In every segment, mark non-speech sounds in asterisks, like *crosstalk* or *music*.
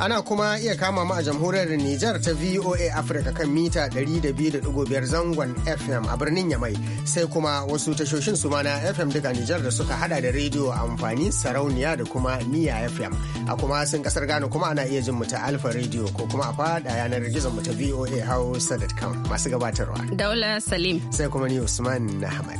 Ana kuma iya kama mu a jamhuriyar Nijar ta VOA Africa kan mita 200.5 zangon FM a birnin Yamai sai kuma wasu tashoshin su na FM daga Nijar da suka hada da rediyo amfani sarauniya da kuma niya FM. A kuma sun kasar Ghana kuma ana iya jin mu ta Alfa Radio ko kuma a fada yanar gizon mu ta VOA Hausa.com masu gabatarwa. Daula Salim. Sai kuma ni Usman Ahmad.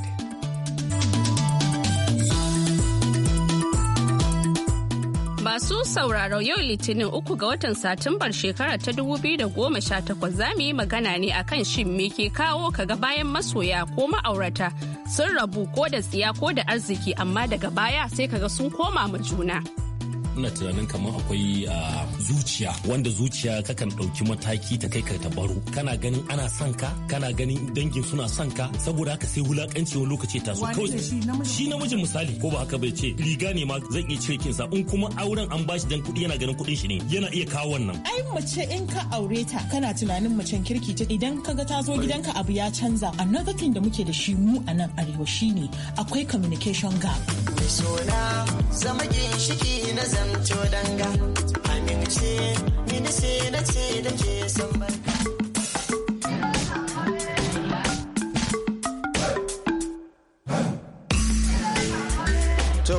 Masu sauraro yau Litinin uku ga watan Satumbar shekara ta dubu biyu da goma 2018 za mu yi magana ne akan shin me ke kawo ga bayan masoya ko ma'aurata sun rabu ko da tsiya ko da arziki amma daga baya sai kaga sun koma ma juna. ina tunanin kamar akwai a zuciya wanda zuciya kakan ɗauki mataki ta kai ka tabaru kana ganin ana son ka kana ganin dangin suna son ka saboda haka sai wulakanci wani lokaci ta so kawai shi namijin misali ko ba haka bai ce riga ne ma zan iya cire kinsa in kuma auren an bashi dan kuɗi yana ganin kuɗin shi ne yana iya kawo wannan ai mace in ka aure ta kana tunanin macen kirki ta idan ka ga ta zo gidanka abu ya canza another thing da muke da shi mu a nan arewa shine akwai communication gap sona zama shiki na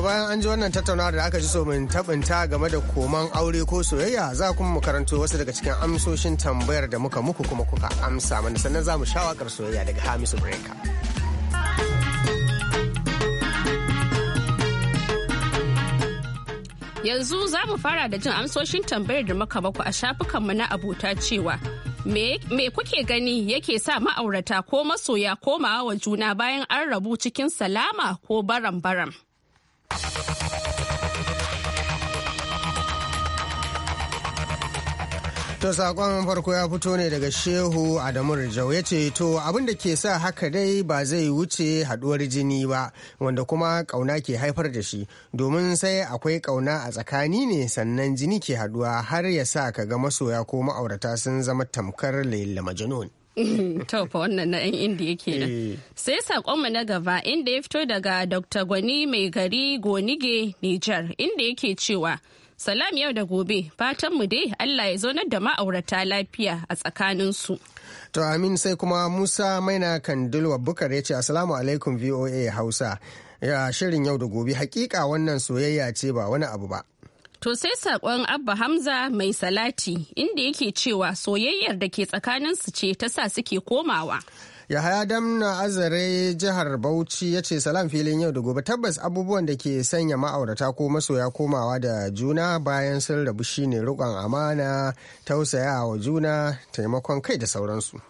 bayan an ji wannan tattaunawa da aka ji so min tabinta game da koman aure ko soyayya za kuma mu karanto wasu daga cikin amsoshin tambayar da muka muku kuma kuka amsa mana sannan za mu shawakar soyayya daga Hamisu Breka. Yanzu za mu fara da jin amsoshin tambayar da muka baku a shafukanmu na abota cewa me, kuke gani yake sa ma'aurata ko masoya komawa wa juna bayan an rabu cikin salama ko baram-baram. To sakon farko ya fito ne daga Shehu Adamu Rijau ya ce to abin da ke sa haka dai ba zai wuce haduwar jini ba wanda kuma kauna ke haifar da shi domin sai akwai kauna a tsakani ne sannan jini ke haduwa har ya sa ka ga masoya ko ma'aurata sun zama tamkar laila *laughs* to fa wannan na 'yan yake eh. sai sakonmu na gaba inda ya fito daga dr gwani mai gari gonige niger inda yake cewa Salam yau da gobe fatan mu dai Allah ya zaunar da ma'aurata lafiya a tsakaninsu. To Amin sai kuma Musa Maina Kandilwa Bukar ya ce Assalamu alaikum VOA Hausa. Ya shirin yau da gobe hakika wannan soyayya ce ba wani abu ba. To sai saƙon Abba Hamza mai salati inda yake cewa soyayyar da ke tsakaninsu ce ta sa suke komawa. Yahaya Damna Azare jihar Bauchi ya ce salam filin yau da gobe tabbas abubuwan da ke sanya ma'aurata ko masoya komawa da juna bayan sun rabu shine rukon amana, wa juna, taimakon kai da sauransu.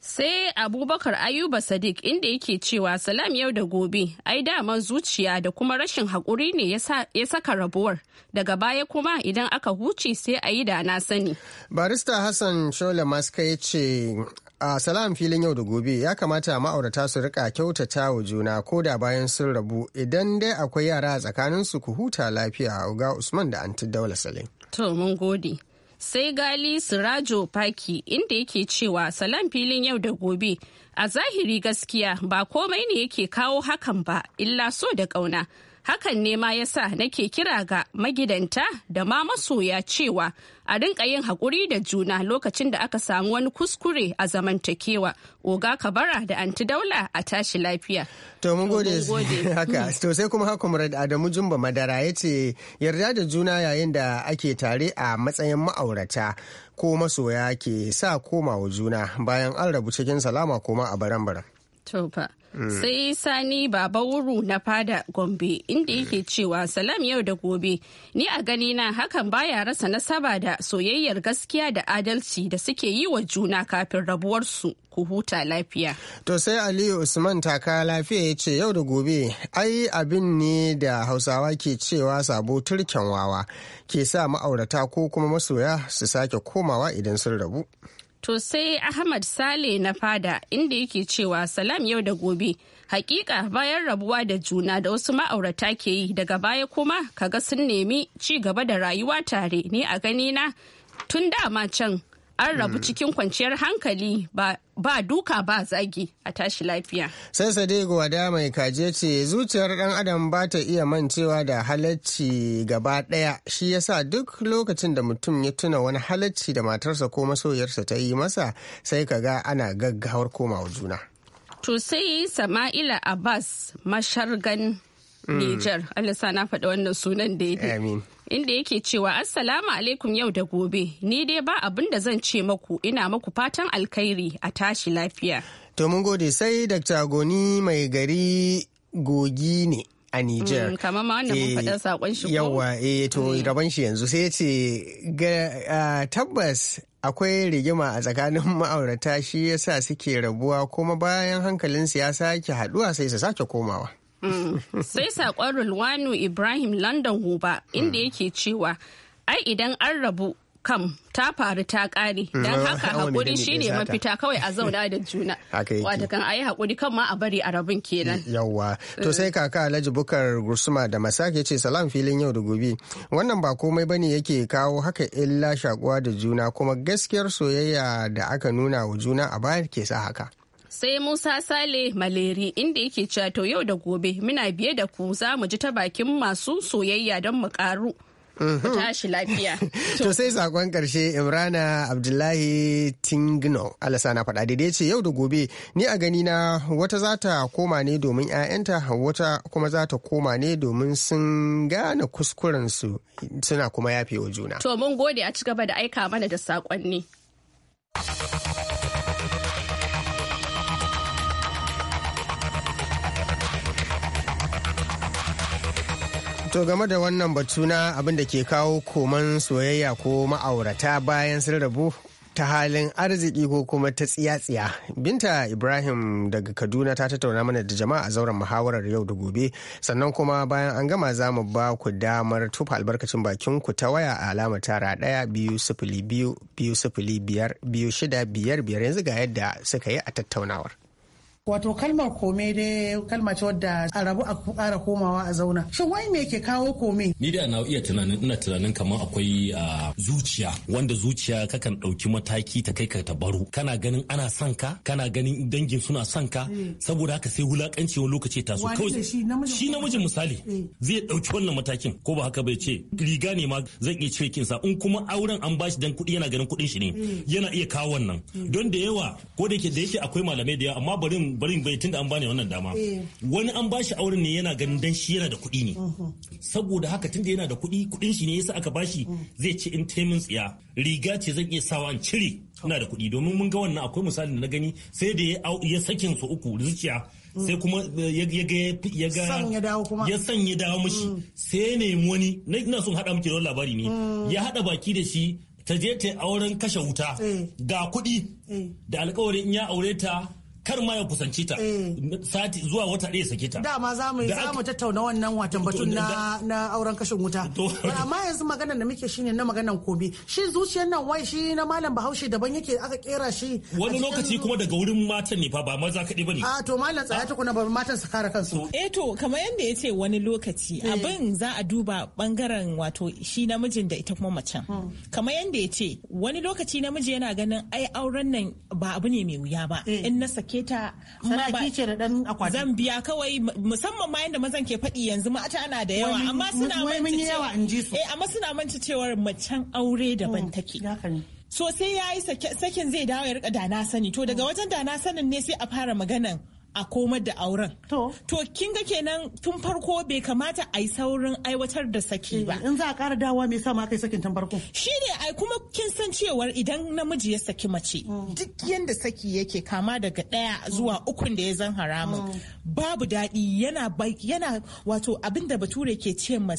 Sai Abubakar Ayuba Sadiq inda yake cewa salam yau da gobe, ai daman zuciya da kuma rashin haƙuri ne ya saka rabuwar. Daga baya kuma idan aka huce sai a yi da na sani. Barista Hassan Shola Maska ya ce a salam filin yau da gobe ya kamata ma'aurata su rika kyautata wa juna ko da bayan sun rabu idan dai akwai yara a tsakaninsu ku huta lafiya a ga usman da anti daula salim to mun gode sai gali sirajo paki inda yake cewa salam filin yau da gobe a zahiri gaskiya ba komai ne yake kawo hakan ba illa so da ƙauna hakan ne ma yasa nake kira ga magidanta da ma masoya cewa a rinka yin hakuri da juna lokacin da aka samu wani kuskure a zamantakewa oga kabara da anti daula a tashi lafiya to mun gode *laughs* haka hmm. to sai kuma haka murad adamu jumba madara ya ce yarda da juna yayin da ake tare a matsayin ma'aurata ko masoya ke sa komawa juna bayan an rabu cikin salama koma a baran-baran Tofa. Eh. Sai Sani Baba Wuru na fada Gombe inda eh. yake cewa salam yau da gobe ni a gani na hakan baya rasa nasaba da soyayyar gaskiya da adalci da suke yi wa juna kafin rabuwarsu ku huta lafiya. To sai Aliyu Usman taka lafiya ya ce yau da gobe ai abin ne da Hausawa ke cewa sabo turken wawa ke sa ma'aurata ko kuma masoya su sake komawa idan sun rabu. To sai Ahmad Sale na fada inda yake cewa salam yau da gobe. Hakika bayan rabuwa da juna da wasu ma'aurata ke yi daga baya kuma kaga sun nemi ci gaba da rayuwa tare ni a ganina tun dama can an rabu hmm. cikin kwanciyar hankali ba duka ba zagi a tashi lafiya. Sai Sadiq Wada mai kaje ce zuciyar ɗan adam ba ta iya mancewa da halacci gaba ɗaya shi yasa duk lokacin da mutum ya tuna wani halacci da matarsa ko masoyarsa ta yi masa sai ka ga ana gaggawar komawa juna. Tosai, sai Sama'ila Abbas mashargan hmm. Nijar, Allah sa na faɗi wannan sunan da ya inda yake cewa assalamu alaikum yau da gobe ni dai ba abin da zan ce maku ina maku fatan alkhairi a tashi lafiya. To mun gode sai Dr. Goni mai gari gogi ne. a Nijar. Mm, kama ma wanda mun eh, faɗa saƙon shi Yawwa, eh to mm. rabon shi yanzu sai ce tabbas akwai rigima a tsakanin *laughs* ma'aurata shi yasa suke rabuwa kuma bayan hankalin siyasa ke haɗuwa sai su sake komawa. Mm. Sai saƙon Rulwanu Ibrahim London Huba inda mm. yake cewa ai idan an rabu kam ta faru ta ƙare don mm. haka *laughs* haƙuri shine mafita kawai a zauna da juna *laughs* wata kan ayi haƙuri kan ma a bari a rabin kenan yawwa to sai kaka alhaji bukar gursuma da masak ce salam filin yau da gobe wannan ba komai bane yake kawo haka illa shakuwa da juna kuma gaskiyar soyayya da aka nuna wa juna a baya ke sa haka sai Musa Sale Maleri inda yake cewa to yau da gobe muna biye da ku za mu ji ta bakin masu soyayya don mu karu. Ku mhm. tashi lafiya. *laughs* To sai sakon karshe Imrana Abdullahi Tingno Alasa na faɗa daidai ce yau da gobe ni a gani na wata za ta koma ne domin 'ya'yanta wata kuma za ta koma ne domin sun gane kuskurensu suna kuma yafe wa juna. To mun gode a ci gaba da aika mana da sakonni. To game da wannan batu na abin da ke kawo koman soyayya ko ma'aurata bayan sun ta halin arziki ko kuma ta tsiyatsiya Binta Ibrahim daga Kaduna ta tattauna mana da jama'a a zauren muhawarar yau da gobe. Sannan kuma bayan an gama za mu ba ku damar tufa albarkacin bakin ku ta waya a alamar tara daya biyu sifili biyu biyu sifili biyar biyu shida biyar biyar yanzu ga yadda suka yi a tattaunawar. Wato kalmar kome dai kalma ce wadda a rabu a kara komawa a zauna. Shin wai me ke kawo kome? Ni da na iya tunanin ina tunanin kamar akwai zuciya wanda zuciya kakan dauki mataki ta kai ka ta baro Kana ganin ana son ka, kana ganin dangin suna son ka, eh. saboda haka sai wulakanci wani lokaci taso. Kawai shi namijin misali eh. zai ɗauki wannan matakin ko ba haka bai ce riga ne ma zan iya cire kinsa in kuma auren an bashi dan kuɗi yana ganin kuɗin shi ne eh. yana iya kawo wannan. Don da yawa ko da yake da yake akwai malamai da yawa amma bari barin bai tunda an bani wannan dama eh. wani an bashi auren ne yana ganin dan shi yana da kuɗi ne mhm. saboda haka tunda yana da kuɗi kuɗin shi ne yasa aka bashi mm. zai ci in taimin tsiya riga ce zan iya sawa in cire ina da kuɗi domin mun ga wannan akwai misali na gani sai da ya sakin su uku zuciya mm. sai kuma eh, ya ga ya ga ya sanya dawo mushi mm. sai ne wani ina son hada miki labari ne ya hada baki da shi ta je ta auren kashe wuta eh. ga kuɗi da alkawarin ya aure ta kar ma ya kusanci ta eh. sati zuwa wata ɗaya sake ta dama za mu za mu tattauna wannan watan batun na na auren kashin wuta amma yanzu maganar da muke shine na maganar kobe shi zuciyar nan wai shi na malam bahaushe daban yake aka kera shi wani lokaci kuma daga wurin matan ne fa ba maza kaɗai bane a to malam tsaya ah. ta kuna ba matan su kare kansu eh to kamar yadda yace wani lokaci eh. abin za a duba bangaren wato shi namijin da ita kuma macen hmm. kamar yadda yace wani lokaci namiji yana ganin ai auren nan ba abu ne mai wuya ba eh. in na saki sake ta zan biya kawai musamman ma yadda mazan ke faɗi yanzu mata ana da yawa amma suna mance eh, amma suna mance cewar macen aure daban mm, take so sai yayi sakin zai dawo ya rika da na sani to daga mm. wajen da na sanin ne sai a fara maganan a komar da auren. To. kin ga kenan tun farko bai kamata a yi saurin aiwatar da saki ba. Eh, in za a ƙara dawa me sa ma kai sakin tun farko? Shi ne ai kuma kin san cewar idan namiji ya saki mace mm. duk yadda saki yake kama daga ɗaya mm. zuwa ukun da ya zan haramun mm. babu daɗi yana yana wato abin da bature ke ce ma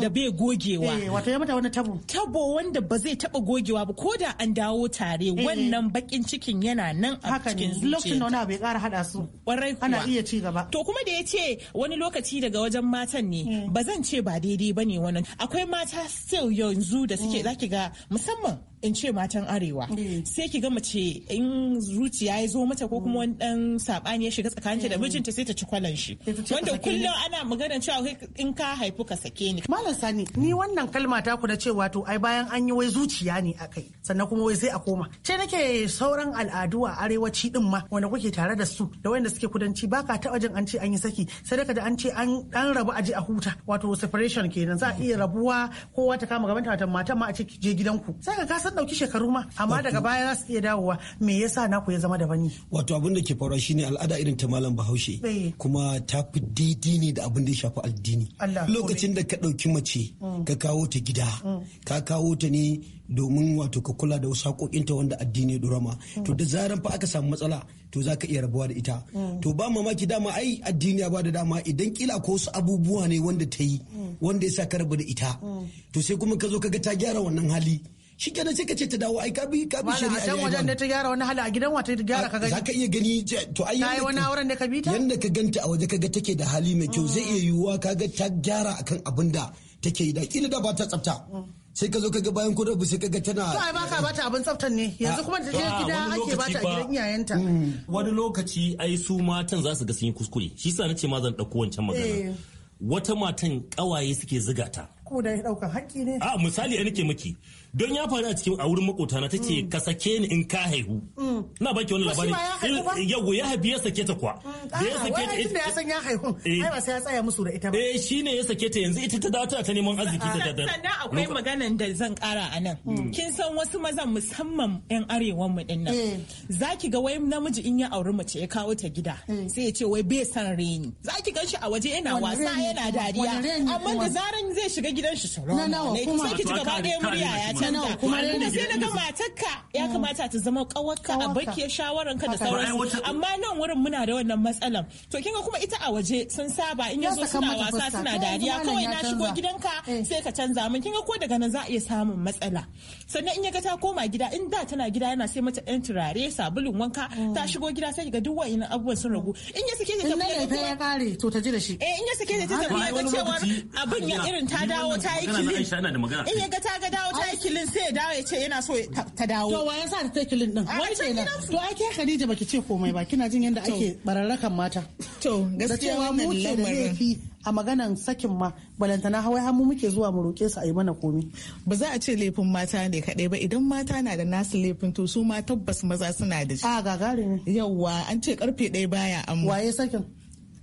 da bai gogewa. Eh, wato ya mata wani tabo. Tabo wanda ba zai taɓa gogewa ba ko da an dawo tare eh. wannan baƙin cikin yana nan a cikin zuciya. Haka ne lokacin da wani abu ya ƙara haɗa su kwarai kuwa ana iya ci gaba to kuma da ya ce wani lokaci daga wajen matan ne hmm. ba zan ce ba daidai ba ne wannan akwai mata still yanzu da suke hmm. zaki ga musamman in ce matan arewa eh. sai ki ga mace in zuciya ya zo mata ko kuma wani dan sabani ya shiga tsakaninta da eh. mijinta sai ta ci kwalan shi wanda kullum ana magana cewa in ka haifu ka sake ni malam sani ni wannan kalma ta ku da ce wato ai bayan an yi wai zuciya ne akai sannan kuma wai sai a koma ce nake sauran al'adu a arewaci din ma wanda kuke tare da su da wanda suke kudanci baka taba jin an ce an yi saki sai daga da an ce an dan rabu aje a huta wato separation kenan za a iya rabuwa kowa ta kama gaban ta matan ma a ce je gidanku sai ka kan dauki shekaru ma amma daga baya za su iya dawowa me yasa naku ya zama daban ne wato abin da ke faruwa shine al'ada irin ta malam bahaushe eh. kuma ta fi daidai ne da abin da ya shafi addini lokacin da ka dauki mace mm. ka kawo ta gida mm. ka kawo ta ne domin wato ka kula da wasu haƙoƙinta wanda addini ya durama mm. to da zaran fa aka samu matsala to za ka iya rabuwa da ita to ba mamaki dama ai addini ya ba da dama idan kila ko wasu abubuwa ne wanda ta yi wanda ya sa ka rabu da ita to sai kuma ka zo ka ga ta gyara wannan hali shi kenan sai ka ce ta dawo ai ka bi ka bi shari'a ya wajen ne ta gyara wani hala a gidan wata ta gyara ka gani zaka iya gani to ai yayi wani auren da ka bi ta yanda ka ganta a waje ka ga take da hali mai kyau zai iya yiwuwa kaga ta gyara akan abin da take yi da kila da ba ta tsafta sai ka zo ka ga bayan kudu sai ka ga tana to ai baka bata abin tsaftan ne ah. yanzu kuma ta je gida ake bata a gidan iyayenta mm. wani lokaci ai su matan za su ga sun yi kuskure shi na ce ma zan dauko wancan magana eh. wata matan kawaye suke ziga ta ko da daukan haƙƙi ne a ah, misali nake miki don ya faru a cikin a wurin makota ta ce ka sake ni in ka haihu mm. na baki wani labari yago ya haifi ya sake ta kuwa. Mm, da ya ah, sake ta ita ya eh, san ya haihu eh. ai ba sai ya tsaya musu da ita ba eh shine ya sake ta yanzu ita ta dawo ta neman arziki ta dadar sannan akwai maganan da zan kara a nan mm. kin san wasu mazan musamman yan arewan mu din nan eh. zaki ga wai namiji in ya auri mace ya kawo ta gida sai ya ce wai bai san reni zaki ganshi a waje yana wasa yana dariya amma da zaran zai shiga gidan shi sai ki ci gaba da murya ya ta kuma kuma sai daga matarka ya kamata ta zama kawarka a bakiya ka da sauransu amma nan wurin muna da wannan matsalan to kin ga kuma ita a waje sun saba in yazo suna wasa suna dariya kawai na shigo gidanka eh. sai ka canza min ga ko daga nan za a iya samun matsala sannan in ya ga ta koma gida in da tana gida yana sai mata yan turare sabulun wanka oh. ta shigo gida sai ga duk wa'in abubuwan sun ragu oh. in ya sake ta tafiya da ya kare to ta ji da shi eh in ya sake ta tafiya ga cewa abin ya irin ta dawo ta yi kilin in ya ga ta ga dawo ta yi kilin sai ya dawo ya ce yana so ta dawo to wa ya sa ta kilin din wai na to ai ke Khadija baki ce komai ba kina jin yadda ake bararrakan mata to gaskiya wannan lamarin a maganan sakin ma balantana hawai hamu muke zuwa mu roke su a yi mana komi ba za a ce laifin mata ne kadai ba idan mata na da nasu laifin to su ma tabbas maza suna da shi a gagarin yawa an ce karfe ɗaya baya amma waye sakin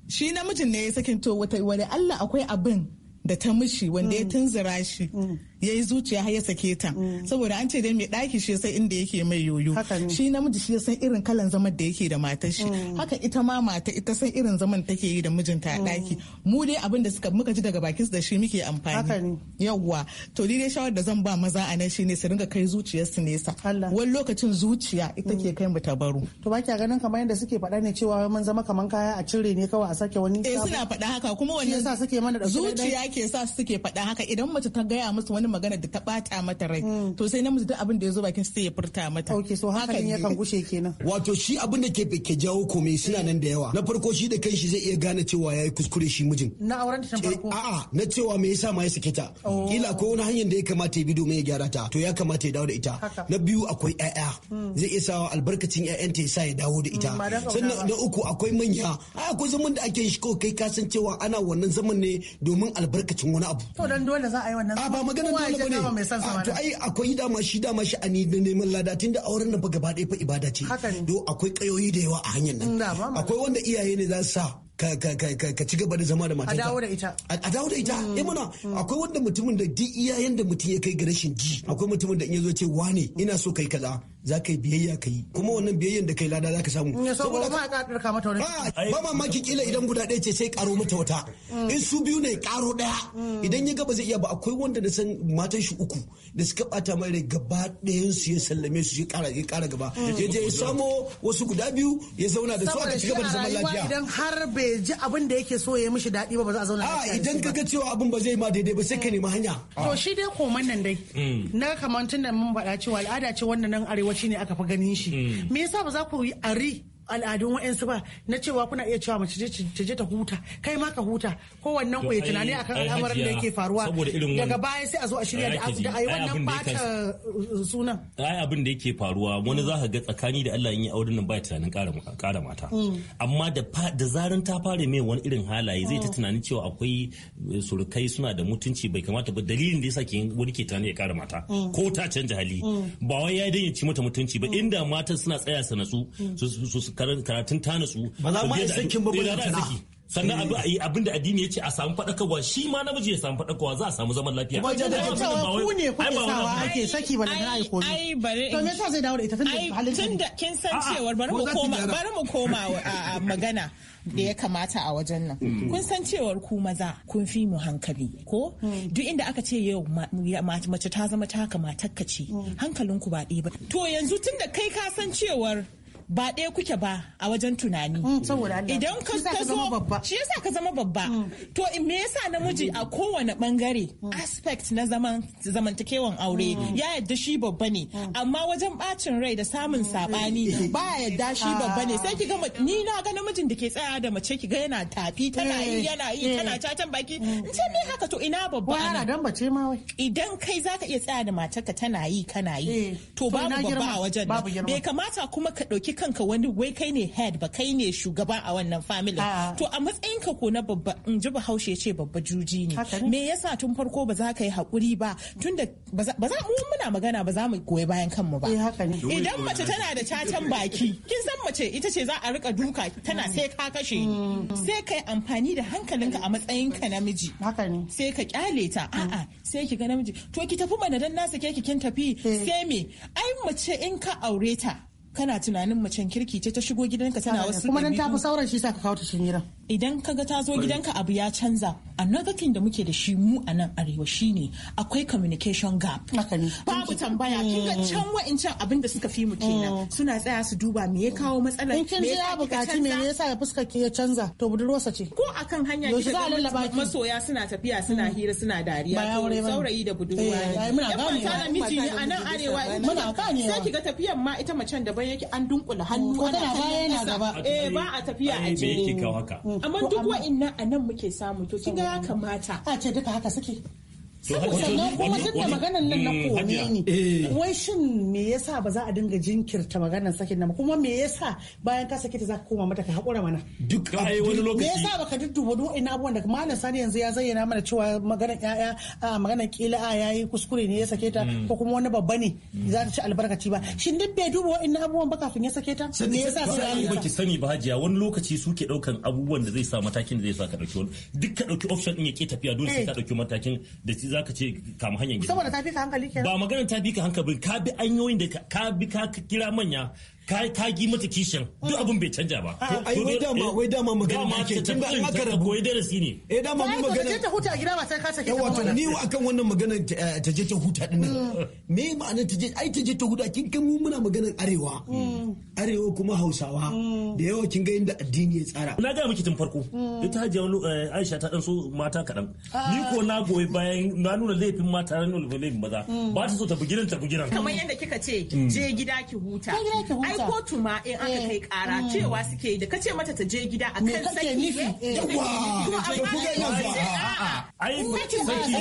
shi namijin ne ya sakin to wata wani Allah akwai abin da ta mishi wanda ya mm. tunzura shi mm. ya yi zuciya har ya sake ta saboda an ce dai mai ɗaki shi sai inda yake mai yoyo shi namiji shi san irin kalan zaman da yake da matar shi mm. haka ita ma mata ita san irin zaman take yi da mijinta a ɗaki mm. mu dai abin da suka muka ji daga bakin da shi muke amfani yawwa to ni dai shawar da zan ba maza a nan shine su ringa kai zuciyar su nesa wani lokacin zuciya ita ke mm. kai mu tabaru to ba kya ganin kamar yadda suke faɗa ne cewa mun zama kamar kaya a cire ne kawai a sake wani eh suna faɗa haka kuma wani zuciya ke sa suke faɗa haka idan mace ta gaya musu wani wani magana da ta bata mata rai hmm. to sai namiji duk abin da ya zo bakin sai ya furta mata okay so hakan yakan gushe kenan wato shi abin da ke ke jawo komai suna nan da yawa na farko shi da kanshi zai iya gane cewa yayi kuskure shi mijin na auren ta eh, farko a'a na cewa me yasa ma ya sake ta oh. kila ko wani hanyar da ya kamata ya bi domin ya gyara ta to ya kamata ya dawo da ita na biyu akwai ƴaƴa hmm. zai iya sawa albarkacin ƴaƴanta ya sa ya dawo da ita hmm, sannan na uku akwai manya a akwai zaman da ake shi kai ka san cewa ana wannan zaman ne domin albarkacin wani abu to dan dole za a yi wannan ba magana dole bane ah, to ai akwai dama shi dama shi a neman lada da auren nan fa gaba ɗaya fa ibada ce do akwai kayoyi da yawa a hanyar nan akwai wanda iyaye ne za su sa ka ci gaba da zama da matarka. A dawo da ita. A dawo da ita. Ya mana mm. akwai wanda mutumin da duk iyayen da mutum ya kai ga rashin ji. Akwai mutumin da in ya zo ce wane ina so kai kaza. za ka yi biyayya ka yi kuma wannan biyayyan da kai lada za ka samu saboda ba ka dirka mata wani ba mamaki kila idan guda ɗaya ce sai karo mata wata mm. in su biyu ne karo ɗaya mm. idan ya gaba zai iya ba akwai wanda da san matan shi uku da suka bata mai rai gaba ɗayan su ya sallame su ya kara ya kara gaba mm. ya je ya samo wasu guda biyu ya zauna da su aka ci gaba da zaman lafiya idan har bai ji abin da yake so ya mishi daɗi ba ba za a zauna a idan kaga cewa abin ba zai ma daidai ba sai ka nemi hanya to shi dai koman nan dai na kamantin nan mun faɗa cewa al'ada ce wannan nan arewa shine aka fi ganin shi mm. me yasa ba za ku yi ari al'adun wa'ansu ba na cewa kuna iya cewa mace ta je ta huta kai ma ka huta ko wannan ku tunani akan al'amarin da yake faruwa daga baya sai a zo a shirya da a yi wannan bata uh, sunan ai abin da yake faruwa wani za ka ga tsakani da Allah in yi auren nan ba tunanin kara mata mm. amma da zaran ta fara mai wani irin halaye zai ta mm. tunanin cewa akwai uh, surukai suna da mutunci bai kamata ba dalilin da yasa ke wani ke tunanin ya kara mata mm. ko ta canja hali ba wai ya danya mata mutunci ba inda matan suna tsaya sanasu su karatun ta nutsu. ba za mu yi sakin ba sannan eh. abin da addini ya ce a samu faɗakarwa shi ma namiji ya samu faɗakarwa za a samu zaman lafiya. Kuma jada da cewa ku ne kuke sawa ake saki ba da na aiko. Ai bari. in. me ta zai dawo da ita tun da halin tun da kin san cewar bari mu koma bari mu koma a magana. da ya kamata a wajen nan. Mm. Kun san cewar ku maza kun fi mu hankali ko? Mm. Duk inda aka ce yau mace ta zama ta kamata ka ce mm. hankalinku ba ɗaya ba. To yanzu tun da kai ka san cewar ba ɗaya kuke ba a wajen tunani mm, idan ka zo shi yasa ka zama babba mm. to me yasa namiji a kowane bangare mm. aspect na zaman zamantakewan aure ya yadda shi babba ne amma wajen bacin rai da samun sabani *laughs* ba yadda shi ah. babba ne sai ki ga ni na ga namijin da ke tsaya da mace ki ga yana tafi tana yi eh. yana yi tana eh. cacan baki in ce me haka to ina babba ana dan bace ma wai idan kai zaka iya tsaya da matarka tana yi kana yi eh. to babu babba a wajen bai kamata kuma ka dauki kanka wani wai kai ne head ba kai ne shugaba a wannan family ah. to a matsayin ka ko na babba in ji bahaushe ce babba juji ne me yasa tun farko ba za ka yi hakuri ba tunda ba za mu muna magana ba za mu koyi bayan kanmu ba eh, idan mace tana da cacan baki kin san mace ita ce za a rika duka tana mm. sai ka kashe mm. sai kai amfani da hankalinka a matsayin ka namiji sai ka kyale ta mm. a'a sai ki ga namiji to ki tafi mana dan nasa ke kin tafi eh. sai me ai mace in ka aure ta kana tunanin macen kirki ce ta shigo gidanka tana wasu kuma dan ta sauran shi sa ka kawo ta cikin gidan idan kaga ta zo gidanka abu ya canza another thing da muke da shi mu a nan arewa shine akwai communication gap babu tambaya kin ga can wa'incan abin da suka fi mu kenan mm. suna tsaya su duba me ya kawo matsala me kin ya bukaci me yasa ya fuska ke ya canza to budurwarsa ce ko akan hanya ki ga masoya suna tafiya suna mm. hira suna dariya to saurayi da budurwa eh, ne muna gane ya miji ne a nan arewa muna gane sai ki ga tafiyan ma ita macen daban yake an dunkula hannu ana baya yana gaba eh ba a tafiya a ce me yake kawo haka mm. amma duk wa'annan a nan muke samu to kinga ya kamata a ce duka haka suke sannan kuma duk da maganan nan na eh, kone ni. Eh. wai shin me yasa ba za a dinga jinkirta maganar sakin nan kuma me yasa bayan ka sake ta za ka koma mata ka haƙura mana duk ai wani lokaci me yasa baka dudduba duk ina abubuwan da malam sani yanzu ya zayyana mana cewa maganan ƴaƴa a maganan kila a yayi kuskure ne ya sake ta hmm. ko kuma wani babba ne hmm. za ta ci albarkaci ba shin duk bai duba ina abubuwan ba kafin ya sake ta me yasa sai ba ki sani ba hajiya wani lokaci suke daukan abubuwan da zai sa matakin da zai sa ka dauki duk ka dauki option din ya ke tafiya dole sai eh. ka dauki matakin da za ka ce kama hanyar gida saboda ta fi ka hankali kenan ba magana ta fi ka hankali ka bi anyoyin da ka bi ka kira manya ka gi mata kishin duk ah. abin bai canja ba. Ah. Ai wai dama eh, wai dama magana ke tun ba aka rabu. Koyi darasi ne. Eh dama mun magana. Ta huta gida ba sai ka sake. Yawa Wato ni akan wannan magana eh, ta je ta huta din nan. Hmm. Me ma'ana ta je ai ta je ta huta kin kan mu muna maganar arewa. Hmm. Arewa kuma Hausawa hmm. da yawa kin ga inda addini ya tsara. Na ga miki tun farko. Ita wani eh, Aisha ta dan so mata kaɗan. Ah. Ni ko na goyi bayan na nuna laifin mata na nuna laifin maza. Ba ta so ta bugiran ta bugiran. Kamar yanda kika ce je gida ki huta. ai kotu ma in aka eh. kai kara mm. cewa suke da kace mata ta je gida a kan saki yawa ai saki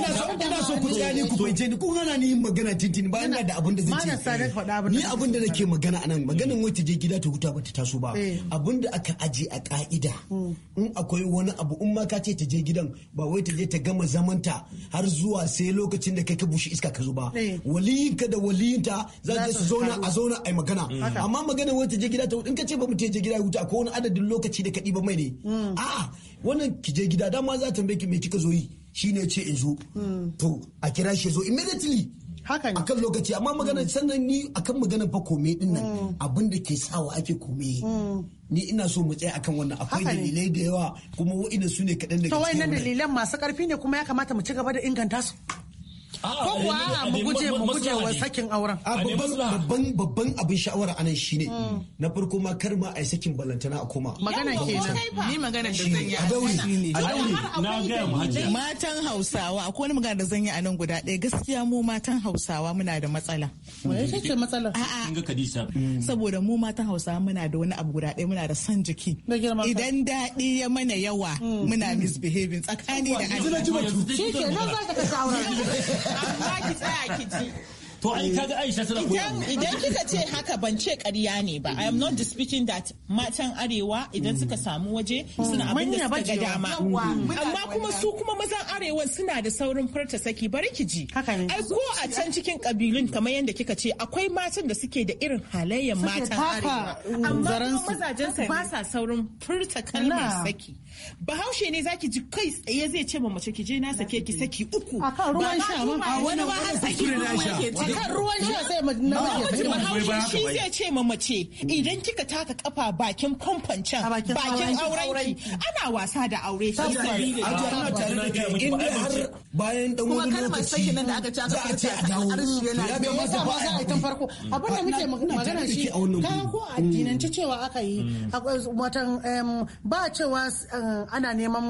ina so ku tsaya ni ku ni ku ni magana tintin ba ina da abin da ce ni abin da nake magana anan maganin wata je gida ta huta ba ta taso ba eh. abin da aka aje a ka'ida hmm. in akwai wani abu in ma ka ce ta je gidan ba wai ta je ta gama zamanta har zuwa sai lokacin da kai ka bushe iska ka zo ba eh. waliyinka da waliyinta za su zauna a zauna magana hmm. amma magana wani ta je gida ta in ka ce ba mutum je gida ya huta akwai wani adadin lokaci da ka ɗiba mai ne mm. a'a wannan ki je gida dama za ta tambaye me kika zo yi shine ce in zo mm. to a kira shi zo immediately haka ne akan lokaci amma magana mm. sannan ni akan magana fa kome din nan abin da ke sawa ake kome ni ina so mu tsaya akan wannan akwai dalilai da yawa kuma wa'ina su ne kaɗan daga cikin to wayannan dalilan masu ƙarfi ne kuma ya kamata mu ci gaba da inganta su Ah, ko kuwa eh, eh, mu guje mu guje wa sakin auren ah, babban babban abin sha'awar anan shine hmm. na farko ma kar ma ai sakin balantana a koma magana kenan ni magana da zan yi a daure a daure na ga mu matan Hausawa akwai wani magana da zan yi anan guda ɗaya gaskiya mu matan Hausawa muna da matsala wai ce matsala a'a kinga kadisa. Hmm. saboda mu matan Hausawa muna da wani abu guda ɗaya muna da san jiki idan daɗi ya mana yawa hmm. muna misbehaving tsakani da Allah *laughs* To ai Aisha Idan kika ce haka ban ce ƙarya ne ba. I am not disputing that matan arewa idan mm. suka samu waje suna mm. abin da suka ga dama. Mm. Amma kuma su kuma mazan arewa suna da saurin furta saki bari ki ji. Ai ko a can cikin kabilun kamar yadda kika ce akwai matan da suke da irin halayen matan arewa. Amma mazajen ba sa saurin furta kalmar saki. bahaushe ne zaki ji kai tsaye zai ce ma mace ki je na sake ki saki uku a kan ruwan sha ma a wani ba har saki ruwan kan ruwan sha sai ma na bahaushe shi zai ce ma mace idan kika taka kafa bakin famfon can bakin aurenki ana wasa da aure shi sai bayan dan wani lokaci nan da aka ci aka ce a dawo ya ga masa ba za a tun farko abin da muke magana shi kayan ko addinance cewa aka yi mm. akwai matan ba cewa Eh, ana neman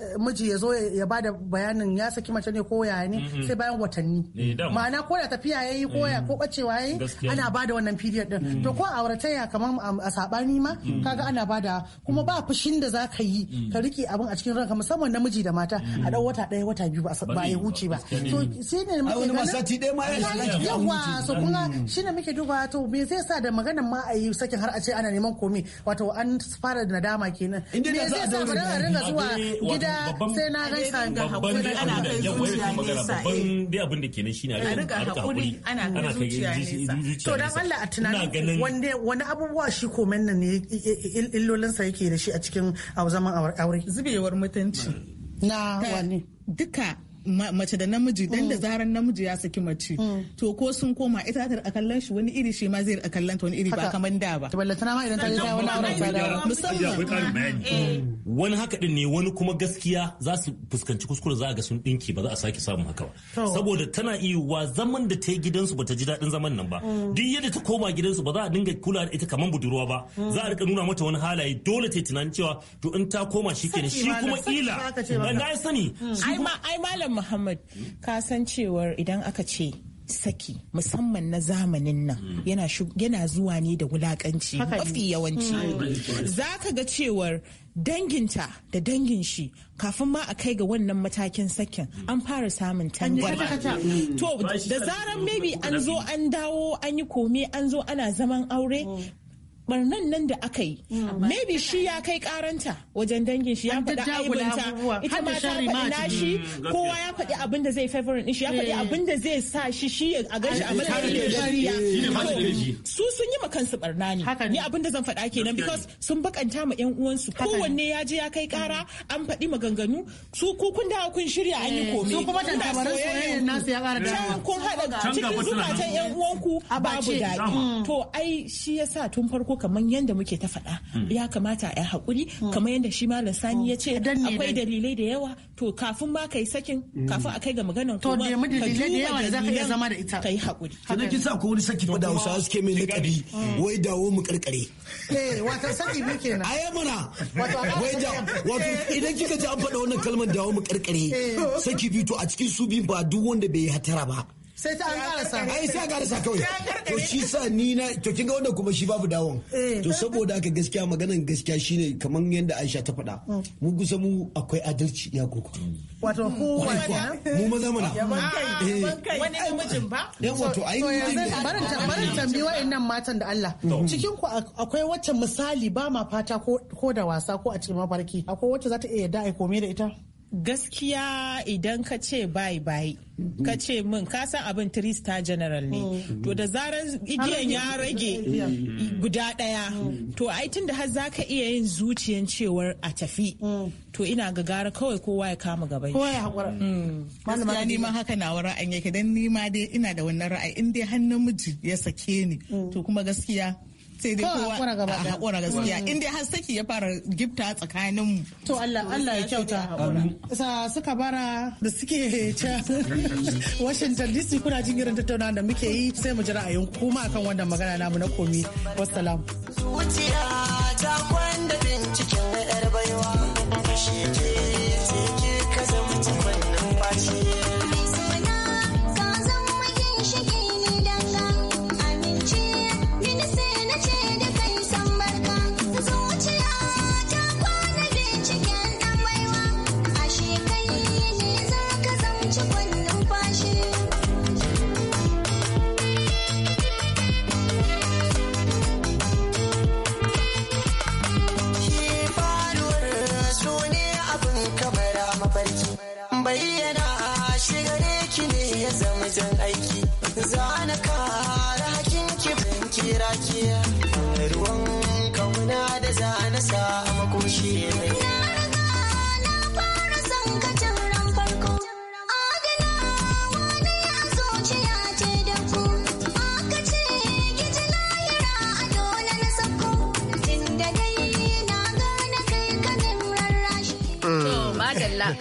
eh, miji ya zo ya bada bayanin ya saki mace ne ko yaya ne mhm. sai bayan watanni eh, ma'ana ko da tafiya ya yi ko ya mm. ko bacewa ya yi ana bada wannan period din mm. to ko auratayya kamar um, a sabani ma mm. kaga ana bada kuma ba fushin da zaka yi ka rike abin a cikin ranka musamman namiji da mata a dau wata daya wata biyu ba ya huce ba to sai ne muke ganin sati daya ma ya yawa so kuma shine muke duba to me zai sa da maganar ma a yi sakin har a ce ana neman komai wato an fara da nadama kenan inda za a a ringa zuwa gida sai na gaisa da hakuri ana kai zuciya nesa babban eh. dai abin da kenan shine a ringa hakuri ana kai zuciya nesa to dan Allah a tunanin wanda wani abubuwa shi komen nan ne illolin sa yake da shi a cikin zaman aure zubewar mutunci na eh, wani duka mace da namiji dan da mm. zaran namiji ya saki mace mm. to ko sun koma ita ta a kallon shi wani iri shi ma zai a kallon ta wani iri ba kamar da ba ballantana ma idan ta ga wani auren ba eh. wani haka din ne wani kuma gaskiya za su fuskanci kuskure za a ga sun dinki ba za a sake samun haka ba saboda tana iya zaman da ta yi gidansu ba ta ji daɗin zaman nan ba mm. duk yadda ta koma gidansu ba za a dinga kula da ita kamar budurwa ba za a rika nuna mata wani halaye dole ta yi tunanin cewa to in ta koma shi kenan shi kuma kila ba na sani ai malam Muhammad ka cewar idan aka ce saki musamman na zamanin nan mm. yana zuwa ne da wulakanci mafi yawanci mm. za ka ga cewar danginta da dangin shi kafin ma a kai ga wannan matakin sakin mm. an fara samun tangwala to da zaran maybe an zo an dawo an yi kome an zo ana zaman aure oh. barnan nan da aka yi mm. maybe shi ya kai karanta wajen dangin shi ya faɗi aibinta ita ma ta faɗi nashi mm, kowa ya faɗi abin da zai favorite shi ya faɗi eh. abin da zai sa shi shi ya a gashi a eh, matsayin su sun yi su barna ne ni abin da zan faɗa kenan because sun bakanta ma yan uwansu kowanne ya je ya kai kara an faɗi maganganu su ku kun da kun shirya an yi eh, komai su kuma tantabarin soyayya nasu ya ƙara dawo kun haɗa cikin zukatan yan uwanku babu daɗi to ai shi yasa tun farko farko kamar yadda muke ta faɗa hmm. ya kamata a haƙuri hmm. kamar yadda shi malam sani hmm. ya ce akwai dalilai da yawa to kafin ma kai sakin kafin a kai ga maganar kuma ka duba dalilan ka yi haƙuri. Kada kisa akwai wani saki Fada wasu Hausawa suke mai laƙabi wai dawo mu karkare. Eh wata saki ne kenan. Ai mana wai da wato idan kika ji an faɗa wannan kalmar dawo mu karkare eh. saki biyu to a cikin su biyu ba duk wanda bai yi hatara ba. sai ta an sa ai sai karasa kawai to shi sa ni na to kin ga wannan kuma shi babu dawon eh. to saboda haka gaskiya maganan gaskiya shine kamar yadda Aisha ta faɗa mm. mu gusa mu akwai adalci ya koko wato kowa mu maza mana eh. wani mijin ba yan wato ai barin barin tambi wa'annan matan da Allah cikin ku akwai wacce misali ba ma fata ko da wasa ko a cikin mafarki akwai wacce za ta iya yadda ai komai da ita gaskiya idan ka ce bai bai ka mm-hmm. ce min ka san abin trista general ne mm-hmm. to da zarar mm-hmm. igiyan ya rage guda daya to ai tun da har za ka iya yin zuciyan cewar a tafi mm. to ina ga gara kawai kowa ya kama gaban kowa ya hakura mm. malama ni ma haka na an yake dan ni ma dai ina da wannan ra'ayi in dai har namiji ya sake ni mm. to kuma gaskiya sai dai kowa a haƙura gaskiya in dai har saki ya fara gifta tsakanin mu to Allah Allah ya kyauta haƙura sa suka bara da suke ta *laughs* Washington DC kuna jin irin da muke yi sai mu a ra'ayin kuma akan wannan magana namu na komi wassalam zuciya ta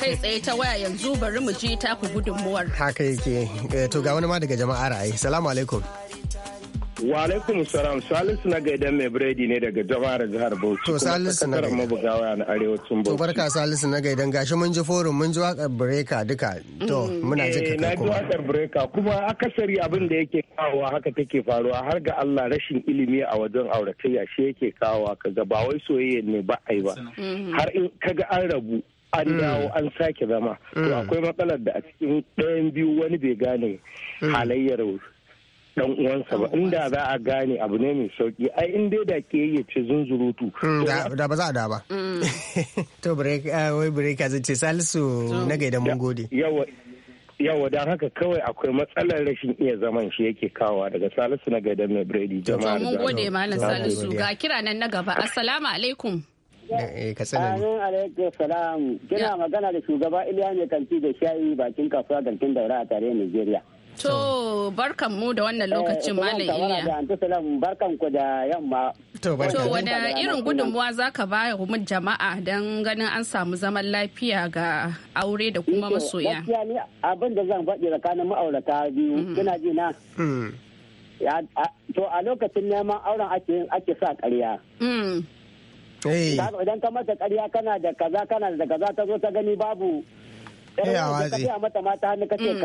kai tsaye ta waya yanzu bari mu ji ku gudunmuwar. Haka yake eh, to ga wani ma daga jama'a ra'ayi. Salamu alaikum. Wa alaikum salam Salisu na gaida mai biredi ne daga jama'ar jihar Bauchi. To Salisu na gaida. mabugawa na arewacin Bauchi. To barka Salisu na gaida. gashi mun ji forum mun ji wakar breka duka. To mm. muna ji ka eh, Na ji wakar breka kuma akasari abin da yake kawowa haka take faruwa har ga Allah rashin ilimi a wajen auratayya shi yake kawowa kaga ba wai soyayya ne ba ai ba. Mm. Har in kaga an rabu an mm. dawo an sake zama to mm. akwai matsalar da a cikin ɗayan biyu wani bai gane mm. halayyar dan uwansa ba inda za a gane abu ne mai sauki ai in dai da ke ya ce zunzurutu da ba za a da ba *laughs* to break uh, wai break a ce salisu na gaida mun gode yawa yawa don haka kawai akwai matsalar rashin iya zaman shi yake kawa daga salisu na gaida mai biredi jama'a mun gode malam salisu ga kira nan na gaba assalamu alaikum Eh, eh, katsina ne. alaikum salam. Kina magana da shugaba Iliya ne kanti da shayi bakin kasuwa kantin daura a tare Nigeria. To barkan mu da wannan eh, lokacin Malam Iliya. Barkan ku da yamma. To wani irin gudunmuwa za ka ba mu jama'a don ganin an samu zaman lafiya ga aure da kuma masoya. Gaskiya ni abin da zan faɗi tsakanin ma'aurata biyu mm-hmm. kina ji na. Mm. To a lokacin neman auren ake sa ƙarya. Mm. Eh. idan ka mata karya kana da kaza kana da kaza ta zo ta gani babu yawa eh, eh, ka mata mata hannu mm.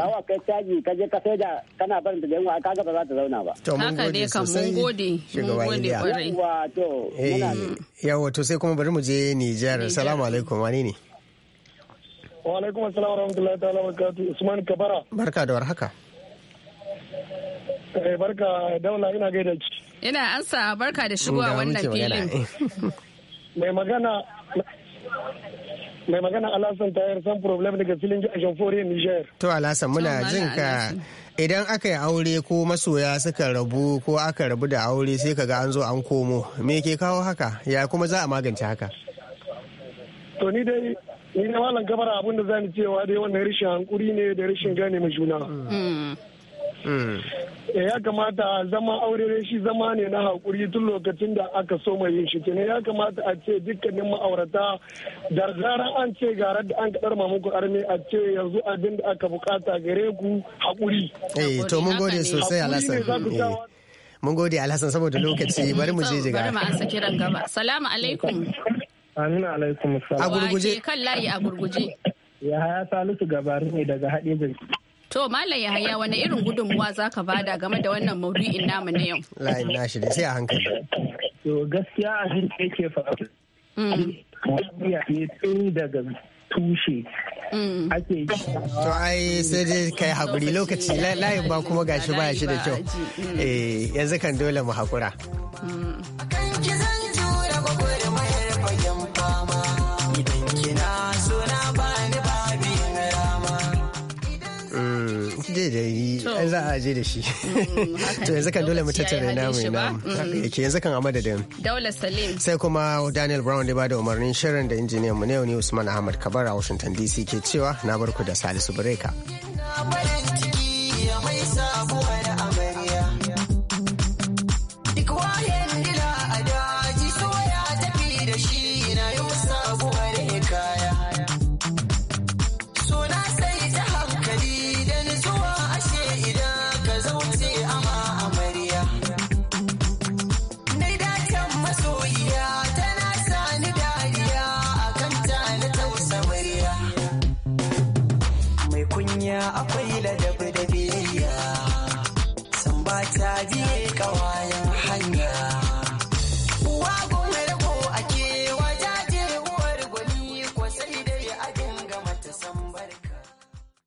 caji ka je ka saida kana zauna ba to mun gode sosai yawa to kuma bari mu je Nijar salamu alaikum wa alaikum wa rahmatullahi ta'ala barakatuh Usman Kabara barka da warhaka barka ina gaida ansa barka da shigowa wannan filin *laughs* mai magana mai magana alasan tayar san problem daga filin jirgin fore niger to alasan muna jin ka idan aka yi aure ko masoya suka rabu ko aka rabu da aure sai ka ga an zo an komo me ke kawo haka ya kuma za a magance haka to ni dai ni na malam gabara abun da zani cewa dai wannan rashin hankuri ne da rashin gane mai juna mm. Eh, ya kamata zama aure shi zama ne na haƙuri tun lokacin da aka so mai yin shi kenan ya kamata a ce dukkanin ma'aurata da zaran an ce gara da an kaɗar mamuku arme a ce yanzu abin da aka bukata gare ku haƙuri. eh to mun gode sosai alasan eh, mun gode alhassan saboda lokaci *laughs* bari mu je jiga bari salamu alaikum amin alaikum a gurguje kan layi a gurguje ya haya salisu gabarin ne daga haɗe To Malam Yahaya wani irin gudunmuwa za ka bada game da wannan maudu'in namu na yau? Layin nashi da sai a hankali. To gaskiya abin da yake faru. Mm. ne tun daga tushe mm. ake yi. To ai sai dai kai haƙuri lokaci layin ba kuma gashi ba shi da kyau. Eh, yanzu kan dole mu haƙura. Akan mm. ki zan jura mayar da yi an za a je da shi mm, mm, *laughs* to yanzu kan dole mu tattare na namu ina mm. yake yanzu kan a madadin daula salim sai kuma daniel brown da bada umarnin shirin da injiniyan mu ne ne usman ahmad kabar a washington dc ke cewa na barku da salisu bureka mai sabuwar